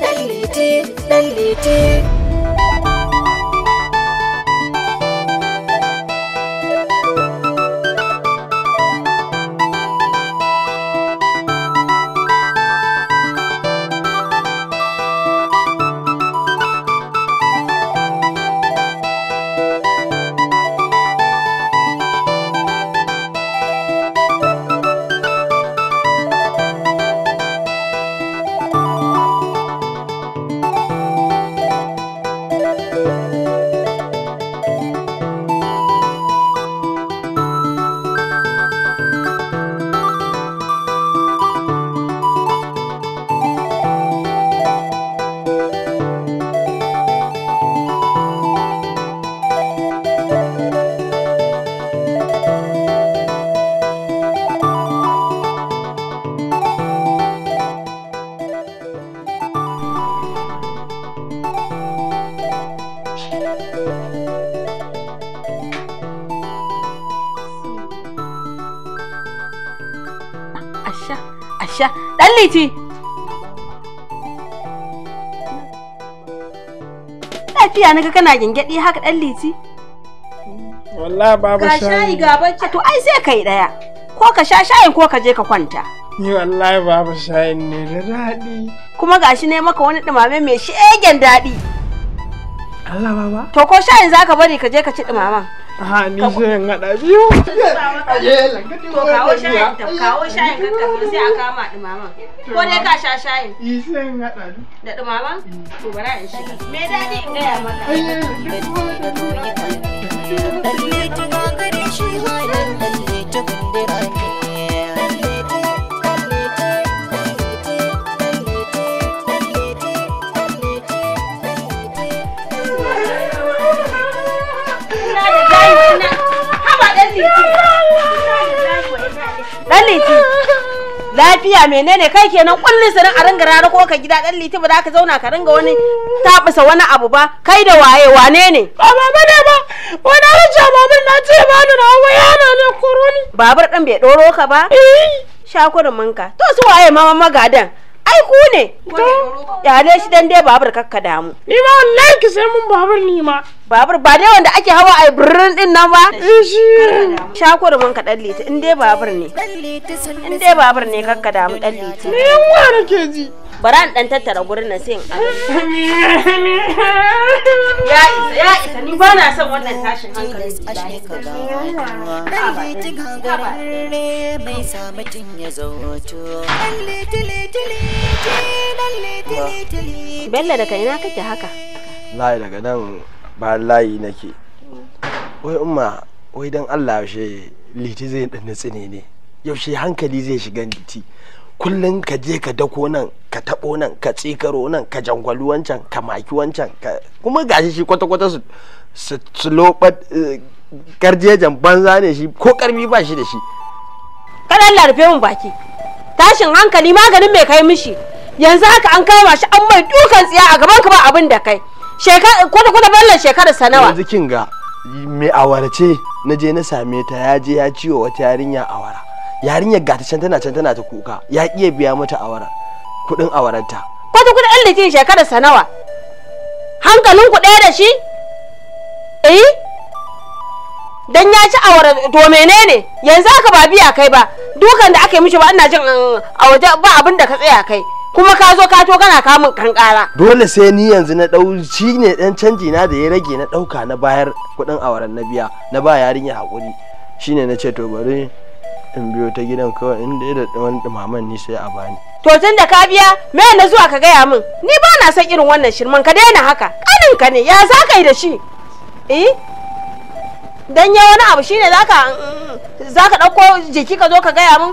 lallite lallite sha dan liti lafiya naga kana gingedi haka dan liti wallahi babu shayi ga shayi ga bacci to ai sai kai daya ko ka sha shayin ko ka je ka kwanta ni wallahi babu shayin ne da daɗi kuma gashi ne maka wani dumame mai shegen daɗi Allah baba to ko shayin zaka bari ka je ka ci dumaman ha ni shayin hada biyu to kawo shayin da kawo shayin kakkafa sai a kama dumaman ko dai ka sha shayin yi shayin hada da dumaman mm. to bara in shiga me daɗi in gaya maka Lalle ta gagare shi dan liti lafiya menene kai kenan kullun sanin a ringa rara ko ka gida dan liti ba za ka zauna ka ringa wani tabisa wani abu ba kai da waye wane ne ba mama ne ba wani rija babur na ce ba ni na waya na ne kuruni babur din bai doro ka ba eh. shakurin munka to su waye mama magadan ai ku ne ne shi dan dai babur kakka damu ni ma wallahi ki sai mun babur ni ma babur ba dai wanda ake hawa ai birrin din nan ba eh, shako da mun ka dalle ta in dai babur ne in dai babur ne kakka damu dan liti ne yawa nake ji bari an dan tattara gurin nan sai in ya isa ya isa ni ba na son wannan tashin hankali mai sa kai ya zauto kake haka? Layi daga nan ba layi nake. Wai umma, wai dan Allah yaushe liti zai dan tsine ne ne. Yaushe hankali zai shiga liti. kullum ka je ka dako nan ka taɓo nan ka tsikaro nan ka jangwali wancan ka maki wancan kuma gashi shi kwata-kwata su lobat eh, banza ne shi ko karmi ba shi da shi kanan larfe mun baki tashin hankali maganin mai kai mishi yanzu haka an kama shi an mai dukan tsiya a gaban ka ba abin da kai kwata-kwata ballan shekarar sanawa yanzu kin ga mai awara na je na same ta ya je ya ciwo wata yarinya awara yarinyar ta can tana can tana ta kuka ya iya biya mata awara kuɗin awaranta kwata kudin ɗan litin shekarar sanawa nawa hankalin ku ɗaya da shi eh dan ya ci awara to menene yanzu haka ba biya kai ba dukan da aka yi mishi ba ina jin eh, a waje ba abin da ka tsaya kai kuma ka zo ka to kana kamun kankara dole sai ni yanzu na dau shi ne dan canji na da ya rage na dauka na bayar kudin awaran na biya na ba yarinya hakuri shine na ce to bari in biyo ta gidan kawai in dai da wani dumaman ni sai a bani to tun da ka biya me na zuwa ka gaya min ni ba na son irin wannan shirman ka daina haka kanin ka ne ya za ka yi da shi eh dan ya wani abu shine zaka zaka dauko jiki ka zo ka gaya min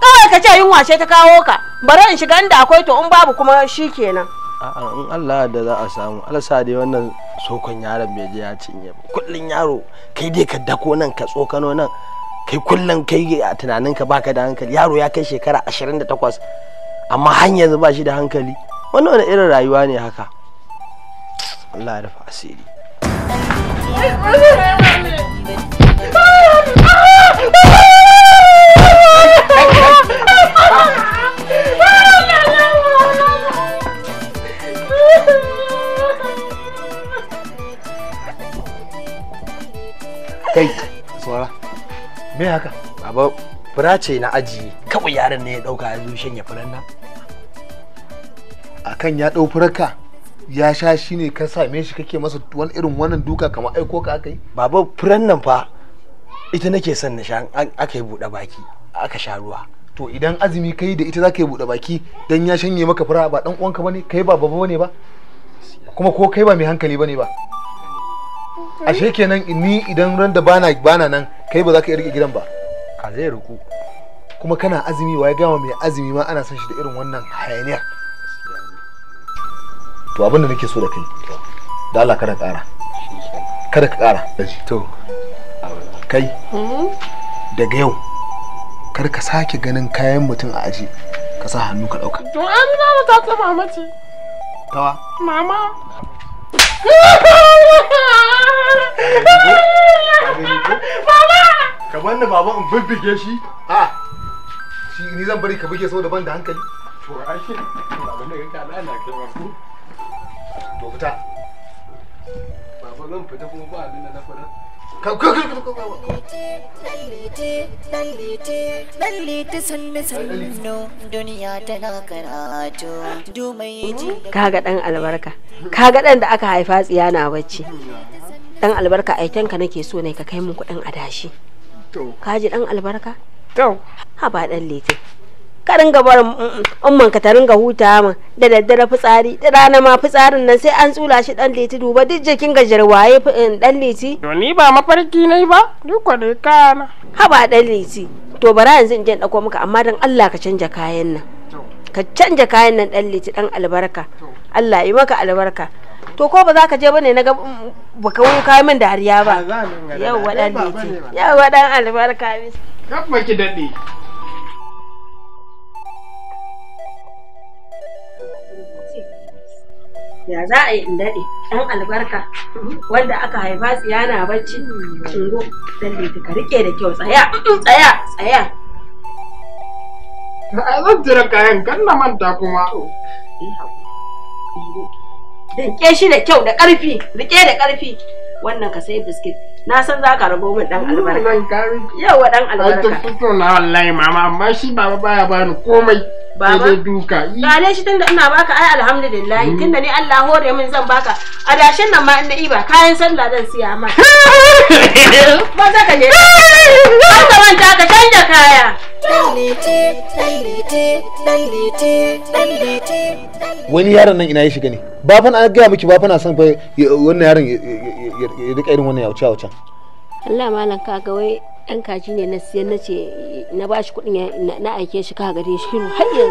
kawai ka ce yunwa ce ta kawo ka bari in shiga inda akwai to in babu kuma shi kenan a'a in Allah da za a samu alsa dai wannan sokon yaron bai je ya cinye ba kullun yaro kai dai ka dako nan ka tsokano nan kai kullum kai a tunanin ka baka da hankali yaro ya kai shekara 28 amma har yanzu ba shi da hankali wannan wani irin rayuwa ne haka Allah ya asiri me haka baba fura ce na aji kawai yaron ne ya dauka ya zo shanya furan nan akan ya dau furarka ya sha shi ne ka same shi kake masa wani irin wannan duka kamar aiko ka kai baba furan nan fa ita nake son na sha aka yi buɗe baki aka sha ruwa to idan azumi kai da ita zaka yi buɗe baki dan ya shanye maka fura ba dan uwanka bane kai ba baba bane ba kuma ko kai ba mai hankali bane ba ashe kenan ni idan ran da bana bana nan kai ba za ka rike gidan ba ka zai ruku kuma kana azumi wa ya gama mai azumi ma ana son shi da irin wannan hayaniya to abin da nake so da kai da Allah kada ƙara kada ka ƙara to kai mm-hmm. daga yau kar ka sake ganin kayan mutum a aji ka sa hannu ka ɗauka to an ta ta mama ce tawa mama Baba! Ka bani baba in bibbige shi? A shi ni zan bari ka buge saboda ban da hankali. To ake abin da kanka lana kai wasu. To fita. Baba zan fita kuma ba abin da na faɗa. kaga dan albarka kaga dan da aka haifa tsiya na bacci dan albarka aikenka nake so ne ka kai mun kudin adashi kaji dan albarka to ha ba dan lete ka ringa barin mm, mm, umman ka ta ringa huta min da daddare fitsari da rana ma fitsarin nan sai an tsula shi dan liti duba duk jikin gajar waye dan eh, liti to ni ba mafarki nai ba duk ne kana ba dan liti to bara yanzu in je in dauko maka amma dan Allah ka canja kayan nan ka canja kayan nan dan liti dan albarka Allah yi maka albarka to ko ba za ka je bane na ga mm, baka wuka kai min dariya ba yau wadan liti yau wadan albarka kabba ki dade ya za a yi in daɗe ɗan albarka wanda aka haifa tsiyana bacci ungo da ka rike da kyau tsaya tsaya tsaya ba a zan jira kayan kan na manta kuma danke shi da kyau da ƙarfi rike da ƙarfi wannan ka sai biskit na san za ka rabo min dan mm, albarka wa dan albarka ai to na wallahi mama amma shi baba baya bani komai Baba. duka. Gane shi tunda ina baka ai alhamdulillah mm. tunda ni Allah hore min zan baka. Adashin nan ma in ba kayan sallah zan siya ma. Ba za ka je. Ba ka manta ka canja kaya. Wani yaron nan ina ya shiga ne. Ba fa na gaya miki ba fa na son fa wannan yaron ya rika irin wannan yauce-yaucen. Allah malam ka ga wai yan kaji ne na siyan na ce na ba shi kuɗin na aike shi ka gare shi har yanzu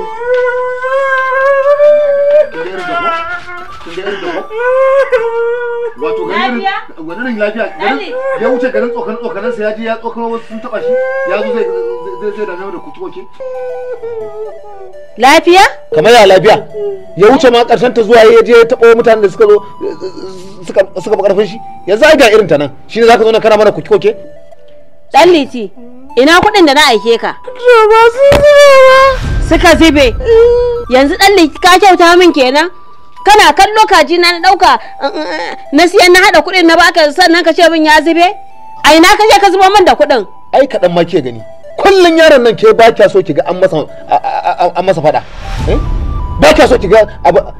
lafiya lafiya kamar ya lafiya ya wuce ma karshen ta zuwa ya je ya mutanen da suka zo suka karfin shi yanzu a irin ta nan shi ne za ka zo na kana mana koke Dan liti, ina kuɗin da na aike ka? Roba sun zubewa. Suka zube. Yanzu dan liti ka kyauta min kenan? Kana kallo kaji na ɗauka eh, eh, eh, na siyan na haɗa kuɗin na baka sannan ka ce min ya zube? A ina ka je ka zuba min da kuɗin? Ai kaɗan ma ke gani. Kullum yaron nan ke ba kya so ki ga an masa an masa faɗa. Ba kya so ki ga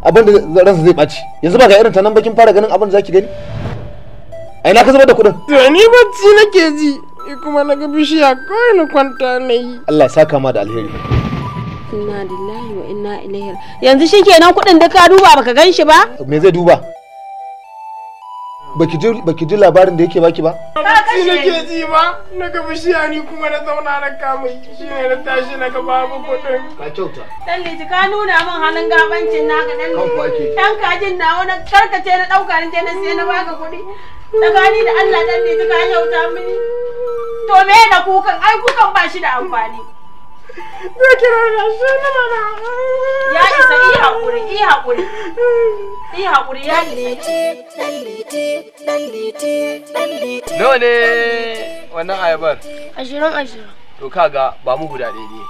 abin da ransa zai ɓaci. Yanzu ba ga irin ta nan bakin fara ganin abin da za ki gani? A ina ka zuba da kuɗin? To ni bacci nake ji. ni kuma na ga bishiya kawai na kwanta na yi Allah saka ma da alheri inna lillahi wa inna ilaihi yanzu shikenan kuɗin da ka duba baka gan shi ba me zai duba baki ji ji labarin da yake baki ba ci nake ji ba na ga bishiya ni kuma na zauna na kama shi ne na tashi na ga babu kudin ka kyauta dan liti ka nuna min halin gabancin naka dan Ɗan kajin nawa na karkace na na ni na sai na baka kudi tsakani da Allah dan ne duka an yauta mini to me na kukan ai kukan ba shi da amfani Ya kira da shi na mana ya isa yi haƙuri yi haƙuri yi haƙuri ya isa nawa ne wannan ayabar ashirin ashirin to kaga ba mu guda ɗaya ne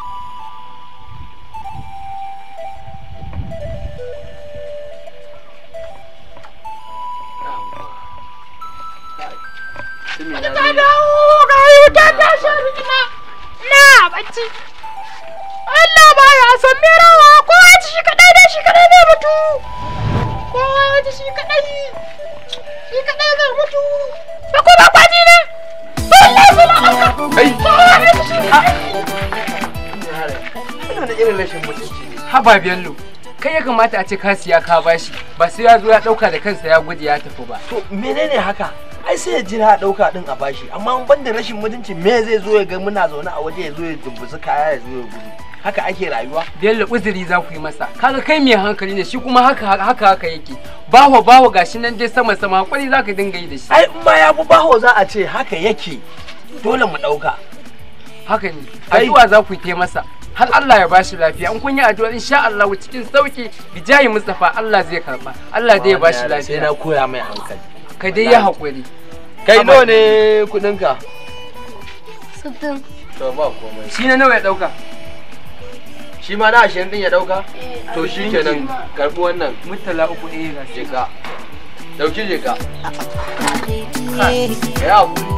ta dawo ga ta ta shari na na bacci Allah ba ya san me rawa ko wace shi kadai dai shi kadai dai mutu ko wace shi kadai shi kadai ga mutu ba ko ba kwaji ne wallahi ba na ai ina da irin rashin mutunci haba bello kai ya kamata a ce ka siya ka bashi ba sai ya zo ya dauka da kansa ya guje ya tafi ba to menene haka ai sai ya jira ɗauka ɗin a bashi amma ban da rashin mutunci me zai zo ya ga muna zaune a waje ya zo ya dubbusu kaya ya zo ya gudu haka ake rayuwa bello uzuri za ku yi masa kaga kai mai hankali ne shi kuma haka haka haka yake baho baho gashi nan dai sama sama hakuri za ka dinga yi da shi ai in ma ya bu baho za a ce haka yake dole mu ɗauka haka ne addu'a za ku yi masa har Allah ya bashi lafiya in kun yi addu'a insha Allah cikin sauki bijayi Mustafa Allah zai karba Allah zai ya bashi lafiya sai na koya mai hankali kai dai ya haƙuri kai nawa ne kudinka sittin to ba komai shi ne nawa ya dauka shi ma na ashirin din ya dauka eh, to shi kenan karbi wannan mutala uku ne eh, ga jeka dauki jeka ya hakuri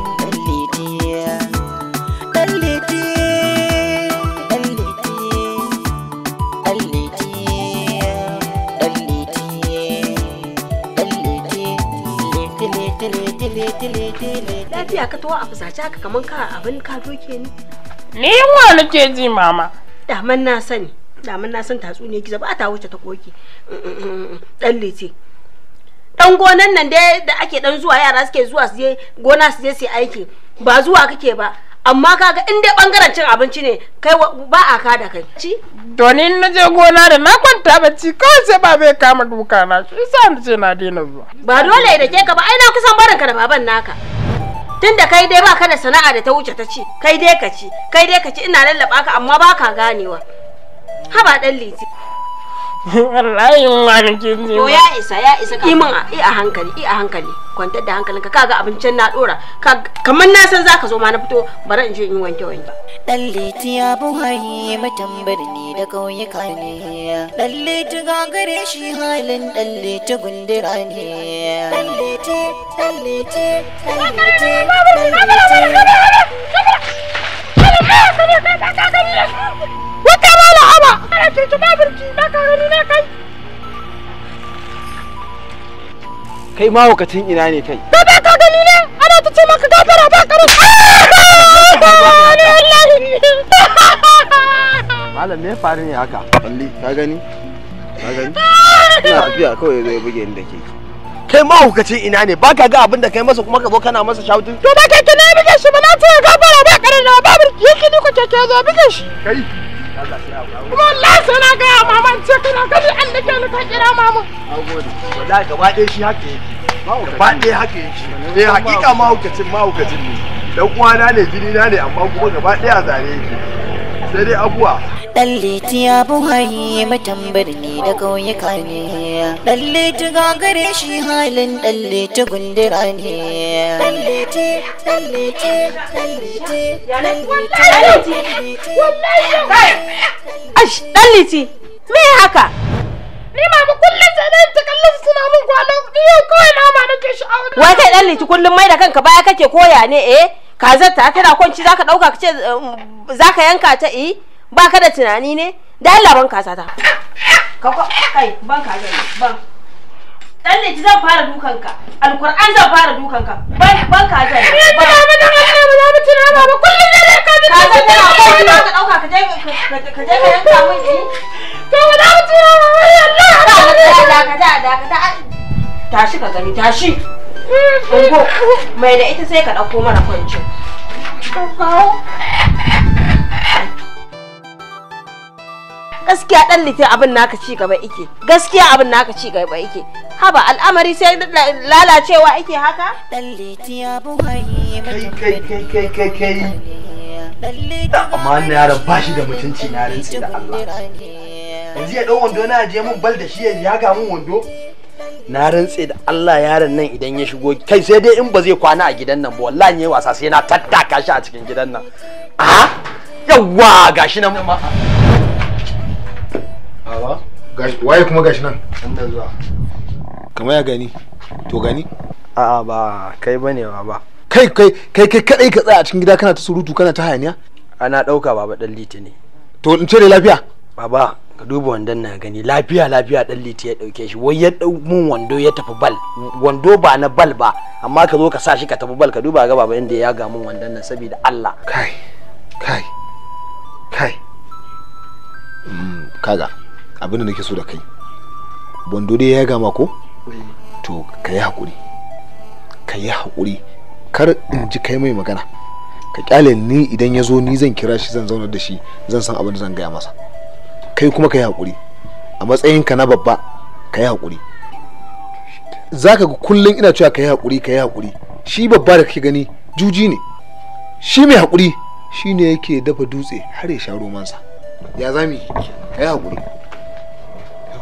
Lafiya ka towa a fusace haka kaman ka abin ka doke ni. Ni yunwa nake ji mama. Daman na sani. Daman na san tatsu ne gizo ba ta wuce ta koki. Dan lece. Dan gonan nan dai da ake dan zuwa yara suke zuwa su je gona su je su aiki. Ba zuwa kake ba. amma kaga in dai bangaren cin abinci ne kai ba a kada kai ci to na je gona da na kwanta bacci kawai sai ba bai kama duka na shi yasa na ce na daina zuwa ba dole da ke ka ba ai na kusan barin ka da baban naka tun da kai dai baka da sana'a da ta wuce ta ci kai dai ka ci kai dai ka ci ina lallaba ka amma baka ganewa haba dan liti Wallahi malikin ji. To ya isa ya isa ka. Imin i a hankali a hankali kwantar da ka kaga abincin na dora kamar na san zaka zo ma na fito bari in je in wanke wanke. Dan liti ya buhari mutum birni da kauyuka ne. Dan liti gagare shi halin dan liti gundura ne. Dan liti dan liti dan liti dan liti. wata rana aba ana turtuba birji na ka gani na kai kai ma wakacin ina ne kai ba ba ka gani ne ana ta ce maka gafara ba ka malam me faru ne haka balli ka gani ka gani ina tafiya kawai zai buge ni da ke kai ma hukacin ina ne ba ka ga abin da kai masa kuma ka zo kana masa shautin to ba keke ne bige shi ba na ce gafara ba karin na ba babur yake ni ko keke zo bige shi kai wallahi sai na gaya maman ce kana gani an da kyau ka kira maman wallahi gaba ɗaya shi haka yake gaba ɗaya haka yake eh hakika ma mahaukacin mahaukacin ne dan na ne jini na ne amma kuma gaba ɗaya zare yake sai dai abuwa ɗan ya buhayi mutan birni da ƙauyuka ne ɗan liti gagare shi halin ɗan liti gundura ne ɗan liti ɗan liti ɗan liti ɗan liti ɗan liti me haka ni ma mu kullum zanen ta kallon suna mun kwanan yau kawai na ma nake sha'awar wai kai ɗan liti kullum mai da kanka baya kake koya ne eh kazar ta tana kwanci zaka ɗauka ka ce um, zaka yanka ta eh ba ka da tunani ne da Allah ban kasa ta ka kai ban ka ban dan ne zan fara dukan ka zan fara dukan ka ban ban ka ga ba ba ba ba ba ba tuna ba ba kullum da ka bi ka ga tana ko ka ka je ka je ka yanka min ji to ba da tuna ba Allah ka da da ka da ka tashi ka gani tashi ungo mai da ita sai ka ɗauko mana kwanci? gaskiya dan lite abin naka ci gaba yake gaskiya abin naka ci gaba yake haba al'amari sai lalacewa ike haka dan lite ya buhayi kai kai kai kai kai da amma wannan yaron ba shi da mutunci na rinsi da Allah yanzu ya dau wando na je mun bal da shi ya ga mun wando na rantse da Allah yaron nan idan ya shigo kai sai dai in ba zai kwana a gidan nan ba wallahi ne wasa sai na tattaka shi a cikin gidan nan a ah! yawwa gashi nan Awa? Waye kuma gashi nan? Nan zuwa. Kamar ya gani? To gani? A'a ba kai bane ba ba. Kai kai kai kai kadai ka tsaya a cikin gida kana ta surutu kana ta hayaniya? Ana dauka baba dan liti ne. To in ce lafiya? Baba ka duba wandon na gani lafiya lafiya dan liti ya dauke shi wai ya dau mun wando ya tafi bal wando ba na bal ba amma ka zo ka sa shi ka tafi bal ka duba ga baba inda ya ga mun wandon nan saboda Allah kai kai kai hmm, kaga Abin da nake so da kai bondo dai ya gama ko eh. to ka yi haƙuri ka yi haƙuri kar in ji kai mai magana ka kyale ni idan ya zo ni zan kira shi zan zaunar da shi zan san abin da zan gaya masa kai kuma ka yi haƙuri a matsayinka na babba ka yi haƙuri za ka kullum ina cewa ka yi haƙuri ka yi haƙuri shi babba da kake gani juji ne shi mai hakuri shi ne yake dafa dutse har ya sha romansa ya zami ka yi haƙuri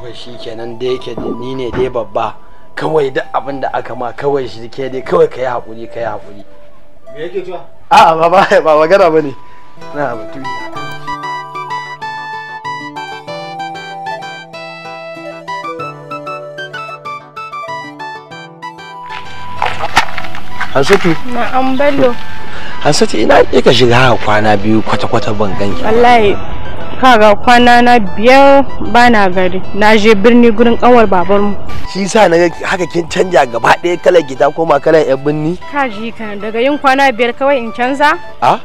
kawai shi kenan da yake ni ne dai babba kawai duk abin da aka ma kawai shi ke dai kawai ka yi haƙuri ka yi haƙuri me yake cewa a'a ba ba ba magana bane na batu Hansatu. Na'am Bello. Hansatu ina ka shiga kwana biyu kwata-kwata ban ganki. Wallahi kaga kwana na biyar bana gari na je birni gurin kawar babanmu shi sa na haka kin canja gaba ɗaya kalar gida koma kalar yan birni ka ji kan daga yin kwana biyar kawai in canza a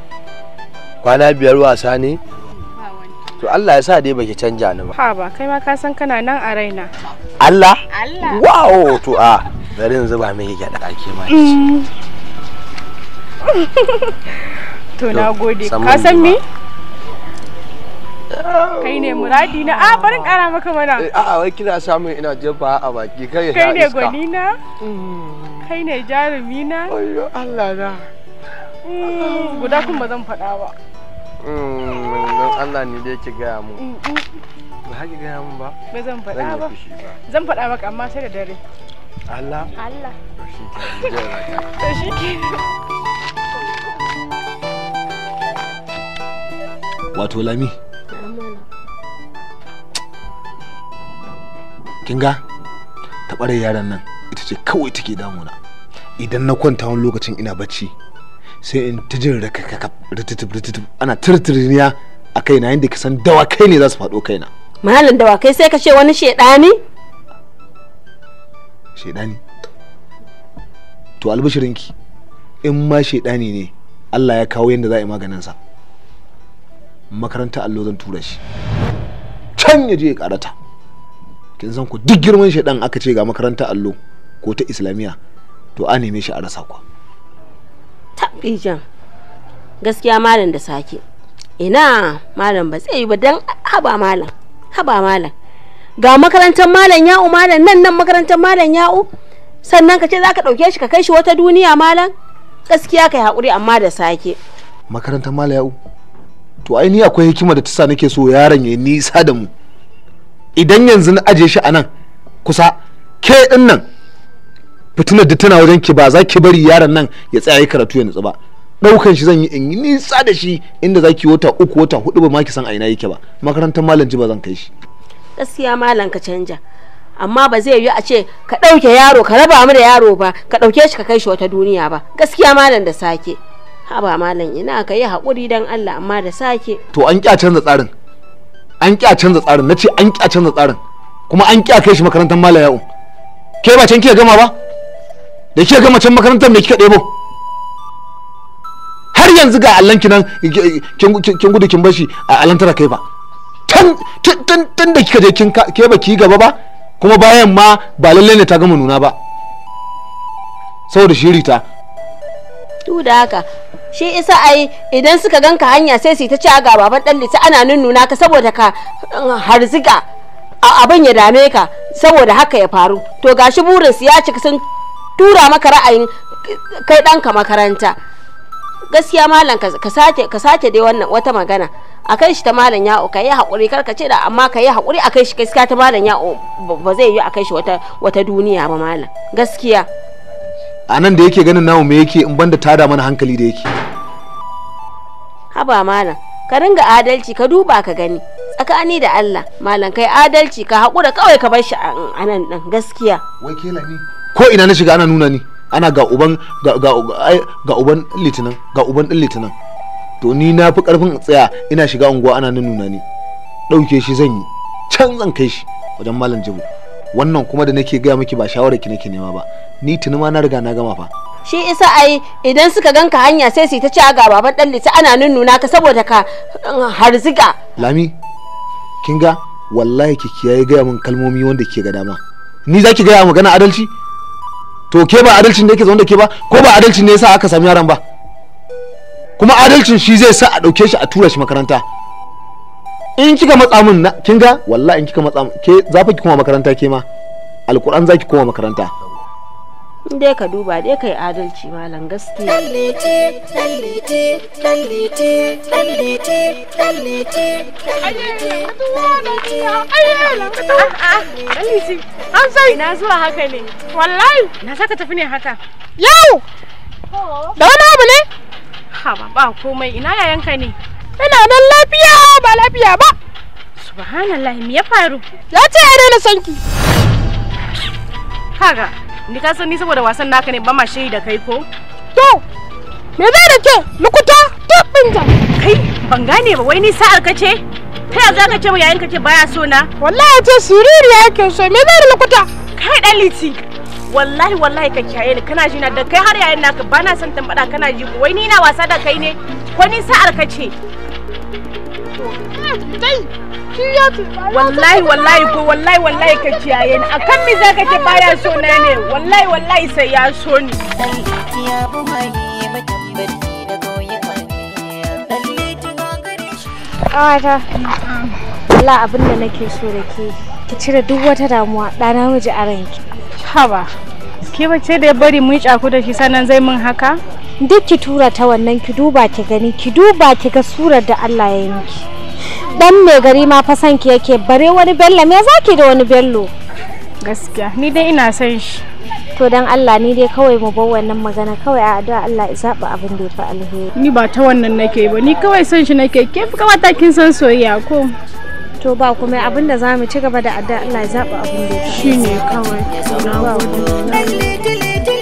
kwana biyar wasa ne to Allah ya sa dai baki canja ni ba ha ba kai ma ka san kana nan a raina Allah Allah wow to a bari in zuba miki gyada ake ma mm. to na gode ka san me kai ne muradi na a ah, barin kara maka mana eh, a a wai kina samun ina jefa a baki kai kai ne gwani na mm. kai ne jarumi na ayyo Allah na mm, guda kun ba zan faɗa ba mm, don Allah ne dai ki gaya mu ba haki gaya mu ba ba zan faɗa ba zan faɗa maka amma sai da dare Allah Allah to shi ke to shi ke wato lami kin ga tabarar yaran nan ita ce kawai take damuna idan na kwanta wani lokacin ina bacci sai in ta jin rikakakaf ana tirtirniya a kaina yadda ka san dawakai ne za su faɗo kaina malam dawakai sai ka ce wani shaidani shaidani to albishirinki in ma shaidani ne allah ya kawo yadda za a yi maganinsa makaranta allo zan tura shi can ya je ya karata kin san ku duk girman shi aka ce ga makarantar allo ko ta islamiyya to a neme shi a rasa ku tabijan gaskiya malam da sake ina malam ba tsayi ba dan haba malam haba malam ga makarantar malam ya'u malam nan nan makarantar malam ya'u sannan ka ce za ka ɗauke shi ka kai shi wata duniya malam gaskiya ka yi haƙuri amma da sake makarantar malam ya'u to ai ni akwai hikima da ta sa nake so yaron ya nisa da mu idan yanzu na aje shi a nan kusa ke din nan fitinar da tana wajen ki ba za ki bari yaron nan ya tsaya karatu ya nutsu ba daukan shi zan yi in yi nisa da shi inda za ki wata uku wata hudu ba ma ki san a ina yake ba makarantar malam ji ba zan kai shi gaskiya malam ka canja amma ba zai yi a ce ka ɗauke yaro ka raba mu da yaro ba ka ɗauke shi ka kai shi wata duniya ba gaskiya malam da sake haba malam ina ka yi haƙuri don allah amma da sake to an kya canza tsarin an ƙi a canza tsarin na ce an ƙi a canza tsarin kuma an ƙi a kai shi makarantar malam ya'u ke ba can kika gama ba da kika gama can makarantar me kika ɗebo har yanzu ga allanki nan kin gudu kin bashi a allantara kai ba tun da kika je kin ke ba ki gaba ba kuma bayan ma ba lallai ne ta gama nuna ba saboda shiri ta duk da haka shi isa ai idan suka ganka hanya sai su ta ci a baban dan lisa ana nunnuna ka saboda ka um, harziga abin ya dame ka saboda haka ya faru to gashi burinsu ya cika sun tura maka ra'ayin kai ɗanka makaranta gaskiya malam ka sake dai wannan wata magana a kai shi ta malam ya ka yi haƙuri kar ka ce da amma ka yi haƙuri a kai shi gaskiya ta malam ya ba zai yi a kai shi wata duniya ba malam gaskiya a nan da yake ganin namu me yake in banda tada mana hankali da yake haba malam ka ringa adalci ka duba ka gani tsakani da Allah malam kai adalci ka haƙura kawai ka bar shi a nan ɗin gaskiya wai ke ni ko ina na shiga ana nuna ni ana ga uban ga uban litinin ga uban din litinin to ni na fi ƙarfin tsaya ina shiga unguwa ana nuna ni ɗauke shi zan yi can zan kai shi wajen malam jibo wannan kuma da nake gaya miki ba shawarar ki nake nema ba ni tuni ma na riga na gama fa shi isa ai idan suka ganka hanya sai su ta ci ga baban dan lita ana nunnuna ka saboda ka um, harzika. lami kin ga wallahi ki kiyaye gaya min kalmomi wanda ke ga dama ni zaki gaya mu magana adalci to ke ba adalcin da yake zaune da ke ba ko ba adalcin ne yasa aka sami yaran ba kuma adalcin shi zai sa a ɗauke shi a tura shi makaranta in kika matsa min na kin ga wallahi in kika matsa min ke za fa ki koma makaranta ke ma alquran za ki koma makaranta in dai ka duba dai kai adalci malam gaskiya tallete tallete tallete tallete tallete tallete an sai na zuwa haka ne wallahi na saka tafi ne haka yau da wani abu ne ha ba komai ina yayanka ne ina nan lafiya ba lafiya ba subhanallah me ya faru ya ce ya daina sanki kaga ni ka san ni saboda wasan naka ne ba ma da kai ko to me zai da ke lukuta tuɓin ta kai ban gane ba wai ni sa'ar ka ce ta za ka ce yayin ka ce baya so na wallahi ce siriri yake so me zai da lukuta kai daliti wallahi wallahi ka kiyaye ni kana jina da kai har yayin naka na son tambada kana ji wai ni na wasa da kai ne ko ni sa'ar ka ce wallahi wallahi ko wallahi wallahi ka ciyaye ni akan mi zaka ce baya so na ne wallahi wallahi sai ya so ni Kawata, Allah abin da nake so da ke ki cire duk wata damuwa ɗana miji a ranki. Haba, ke bace da ya bari mun yi cako da shi sannan zai min haka? duk ki tura ta wannan ki duba ki gani ki duba ki ga surar da Allah ya yi miki dan mai gari ma fa san ki yake bare wani bello me zaki da wani bello gaskiya ni dai ina son shi to dan Allah ni dai kawai mu bar wannan magana kawai a addu'a Allah ya zaba abin da yafi alheri ni ba ta wannan nake ba ni kawai son shi nake ke fi kamata kin san soyayya ko to ba kuma abin da zamu ci gaba da addu'a Allah ya zaba abin da yafi shine kawai na gode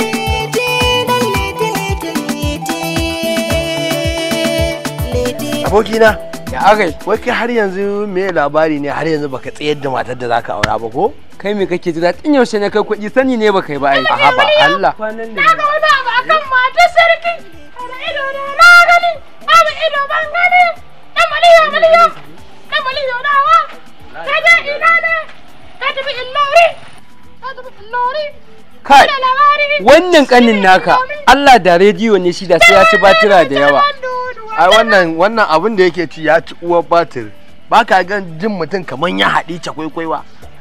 abokina ya agai wai kai har yanzu me labari ne har yanzu baka tsayar da matar da zaka aura ba ko kai me kake ji daɗin yaushe ne kai kuɗi sani ne baka yi ba ai aha ba Allah kwanan ne ga wani abu akan mata sarki ana ido na na gani abu ido ban gani dan maliyo maliyo dan maliyo dawa kai Kaje ina ne ka tafi illori ka tafi illori kai wannan kanin naka Allah da rediyo ne shi da sai ya ci batira da yawa ai wannan wannan abin da yake ci ya ci uwar batir ba ka gan jin mutum kamar ya haɗi ta kwaikwaiwa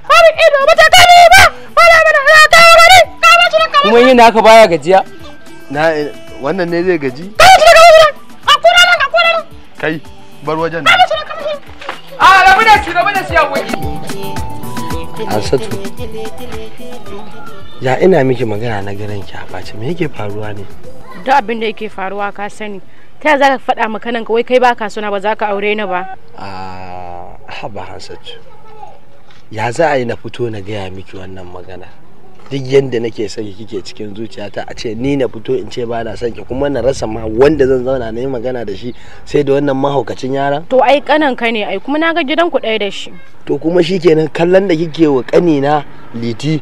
har ido ba ta gani ba fara mana ya kawo gari ka ba shi nan kuma yin haka baya gajiya na eh, wannan ne zai gaji ka shi daga wurin a kura nan a kura nan kai bar wajen nan a ah, rabu da shi rabu da shi a wani Asatu ya ina miki magana na garin ki a me yake faruwa ne duk abin da yake faruwa ka sani ta za ka faɗa maka nan wai kai baka suna ba za ka aure ni ba a ah, haba ya za a yi na fito na gaya miki wannan magana duk yadda nake son kike cikin zuciyata a ce ni na fito in ce ba na son kuma na rasa ma wanda zan zauna na yi magana da shi sai da wannan mahaukacin yaran to ai kanan ka ne ai kuma na ga gidan ku ɗaya da shi to kuma shi kenan kallon da kike wa kanina liti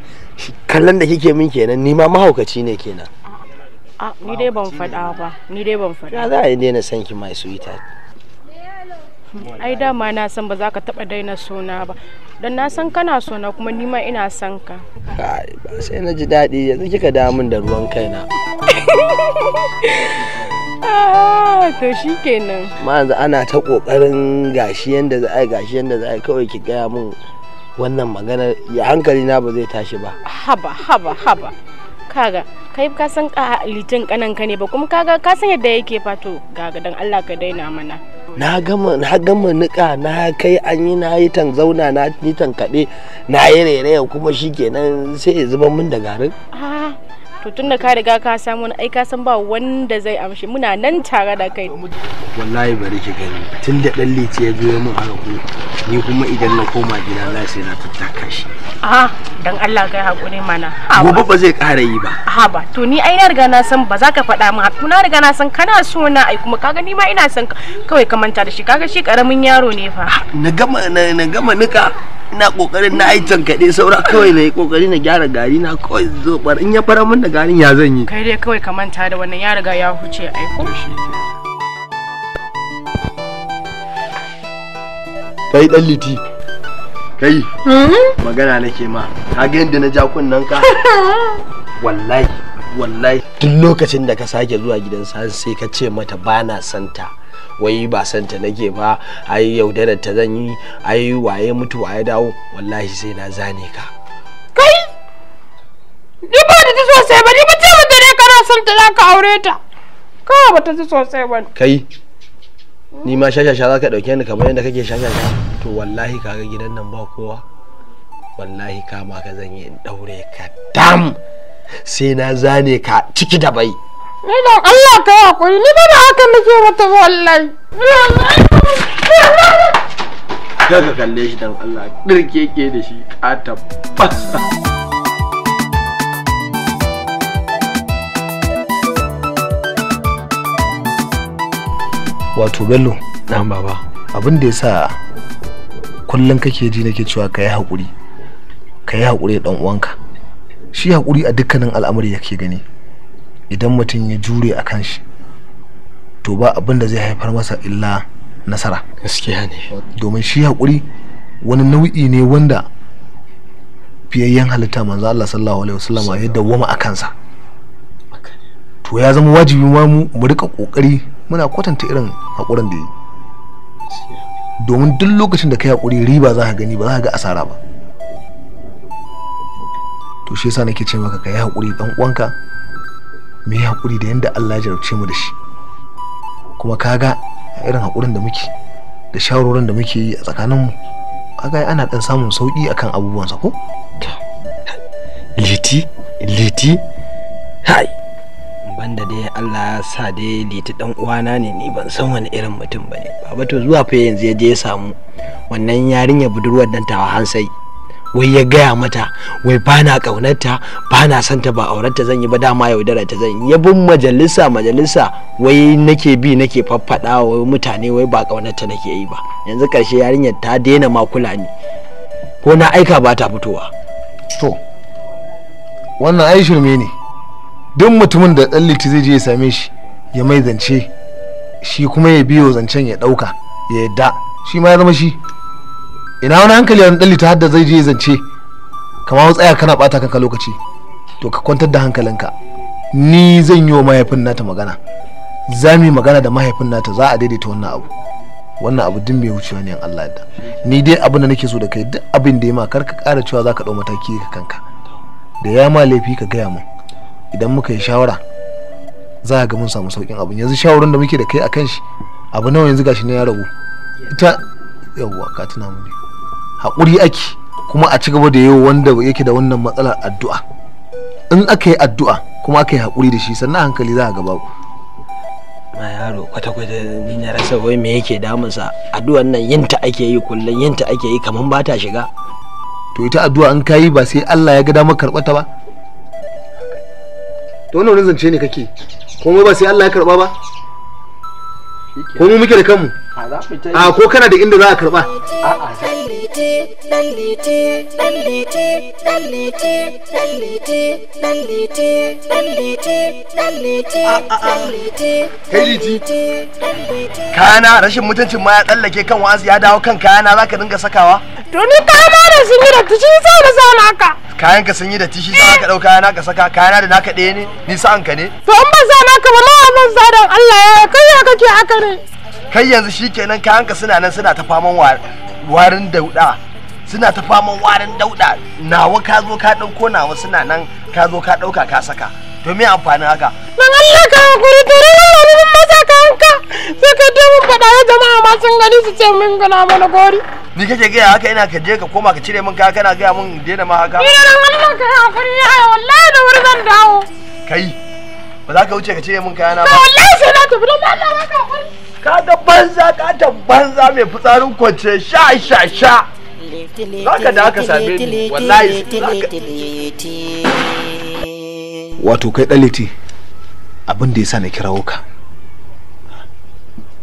kallon da kike min kenan ni ma mahaukaci ne kenan Ah, ni dai ban faɗa ba ni dai ban faɗa ya za a yi daina san ki mai suita ai dama na san ba za ka taɓa daina sona ba don na san kana sona kuma ni ma ina san ka ba sai na ji daɗi yanzu kika damun da ruwan kaina ah, to shi kenan ma yanzu ana ta ƙoƙarin gashi yanda za a yi gashi yanda za a yi kawai ki gaya min wannan maganar ya hankali na ba zai tashi ba haba haba haba kaga kai ka san litin kanan ka ne ba kuma kaga ka san yadda yake fato gaga dan Allah ka daina mana na gama na gama nika na kai an yi na yi tan zauna na yi tan kaɗe na yi rere kuma shikenan sai ya zuba min da garin to tun da ka riga ka samu ai ka san ba wanda zai amshi muna nan tare da kai wallahi bari ki gani tun da dan ya zo mun haka ni kuma idan na koma gida na sai na tattaka shi a dan Allah kai hakuri mana gobe ba zai ƙara yi ba ha ba to ni ai na riga na san ba za ka faɗa min haku na riga na san kana so na ai kuma kaga ni ma ina san kawai ka manta da shi kaga shi karamin yaro ne fa na gama na gama nika ina kokarin na ai tankaɗe saura kawai na yi kokari na gyara gari na kawai zo in ya fara min da garin ya zan yi kai dai kawai ka manta da wannan ya riga ya huce ai ko shi kai dan liti kai hmm? magana nake ma ka ga yadda na ja kunnan ka wallahi wallahi duk lokacin da ka sake zuwa gidan sa sai ka ce mata bana santa wai ba santa nake ba ai yaudarar ta zan yi ai waye mutu waye dawo wallahi sai na zane ka kai ni ba da ta sosai ba ni ba ce da ne kana santa za ka aure ta kawai ba ta ji sosai ba kai ni ma shashasha za ka ɗauke ni kamar yadda kake shashasha to wallahi kaga gidan nan ba kowa wallahi kama ka zan yi in ɗaure ka dam sai na zane ka ciki da bai ni don Allah ka hakuri ni ba da haka nake mata wallahi kaga kalle shi dan Allah dirke ke da shi ka tabbata wato bello na baba abin da ya sa kullum kake ji nake cewa ka yi haƙuri ka dan haƙuri ka uwanka shi hakuri a dukkanin al'amari yake gani idan mutum ya jure a kan shi to ba abin da zai haifar masa illa nasara gaskiya ne domin shi haƙuri wani nau'i ne wanda fiyayyen halitta manzo Allah sallallahu alaihi wasallama ya dawwama a kansa to ya zama wajibi ma mu mu rika kokari muna kwatanta irin haƙurin da yi domin duk lokacin da ka yi riba za ka gani ba za ka ga asara ba to shi yasa nake ce maka ka yi haƙuri dan uwanka me yi haƙuri da yadda Allah ya jarabce mu da shi kuma ka ga irin haƙurin da muke da shawarorin da muke yi a tsakaninmu kaga ana ɗan samun sauƙi akan abubuwansa ko liti liti hai banda dai Allah ya sa dai liti dan uwana ne ni ban san wani irin mutum ba ne baba to zuwa fa yanzu ya je ya samu wannan yarinya budurwar dan han sai wai ya gaya mata wai ba na kaunarta ba na ta ba aurarta zan yi ba dama yaudara ta zan yi bin majalisa majalisa wai nake bi nake faffada wa mutane wai ba kaunarta nake yi ba yanzu karshe yarinyar ta daina ma kula ni ko na aika ba ta fitowa to wannan ai shirme ne duk mutumin da dan zai je ya same shi ya mai zance shi kuma ya biyo zancen ya dauka ya yadda shi ma ya zama shi ina wani hankali wani dan liti hadda zai je ya zance kama tsaya kana bata kanka lokaci to ka kwantar da hankalinka ni zan yi wa mahaifin nata magana za mu yi magana da mahaifin nata za a daidaita wannan abu wannan abu din mai wucewa ne Allah da ni dai abin da nake so da kai duk abin da ya ma kar ka ƙara cewa za ka ɗau mataki ka kanka da ya ma laifi ka gaya mun. idan muka yi shawara za ga mun samu saukin abin yanzu shawarar da muke da kai a kan shi abu nawa yanzu gashi ne ya ragu ita yawwa ka tuna mu hakuri ake kuma a ci gaba da yau wanda yake da wannan matsalar addu'a in aka yi addu'a kuma aka yi haƙuri da shi sannan hankali za a gaba ma yaro kwata-kwata ni na rasa wai me yake damunsa addu'an nan yinta ake yi kullum yinta ake yi kamar ba ta shiga to ita addu'a in ka yi ba sai Allah ya ga damar ta ba to wannan wani zance ne kake komai ba sai Allah ya karba ba komai muke da kanmu a ko kana da inda za a karba kana rashin mutuncin ma ya tsallake kan wasu ya dawo kan kayana za ka dinga sakawa to ni kama da sun yi da tishi sai da sa naka kayan ka sun yi da tishi sai ka dauka yana ka saka kayana da naka ɗaya ne ni sa'an ka ne to in ba sa naka ba ma zan sa dan Allah ya kai ya kake haka ne kai yanzu shikenan kayanka suna nan suna ta faman warin dauda suna ta faman warin dauda nawa ka zo ka dauko nawa suna nan ka zo ka dauka ka saka to me amfanin haka nan Allah ka hakuri to ne mun masa ka hanka sai ka je mun faɗa wa jama'a ma sun gani su ce min gana mana gori ni kake gaya haka ina ka je ka koma ka cire min kaya kana gaya mun daina ma haka ni nan Allah ka hakuri ya wallahi da wurin zan dawo kai ba za ka wuce ka cire min kaya na ba wallahi sai na tafi don Allah ka hakuri kaga banza katon banza mai fitsarin kwance sha sha sha zaka da aka same ni wallahi wato kai daliti abin da yasa na kirawo ka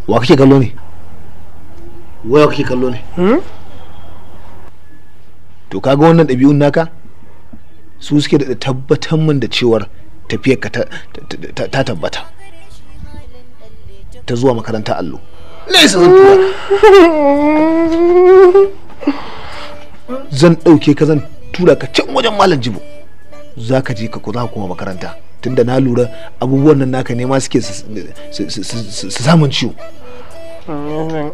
wa kake kallo ne waya kake kallo ne hmm? to kaga wannan ɗabi'un naka su suke da tabbatar min da cewar tafiyar ka ta tabbata ta zuwa makaranta allo na zan tura zan ɗauke ka zan tura ka can wajen malam jibo za ka je ka za kuma makaranta tunda na lura abubuwan nan naka nema suke su samun ciwo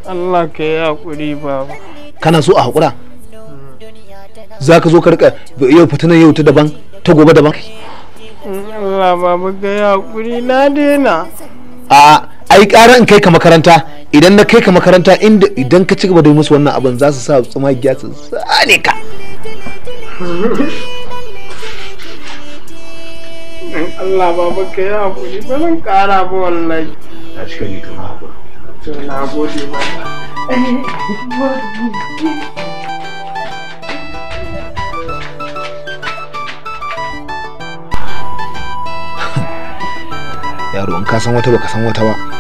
Allah ka yi haƙuri baba kana so a haƙura za ka zo ka rika yau fitina yau ta daban ta gobe daban Allah baba ga yi haƙuri na daina a ai ƙara in kai ka makaranta idan na kai ka makaranta inda idan ka ci gaba da musu wannan abin za su sa tsumagiya su sane ka Allah ba ka yi hakuri ba zan ƙara ba wallahi a cikin ni kuma hakuri to na gode ba yaro in ka san wata ba ka san wata ba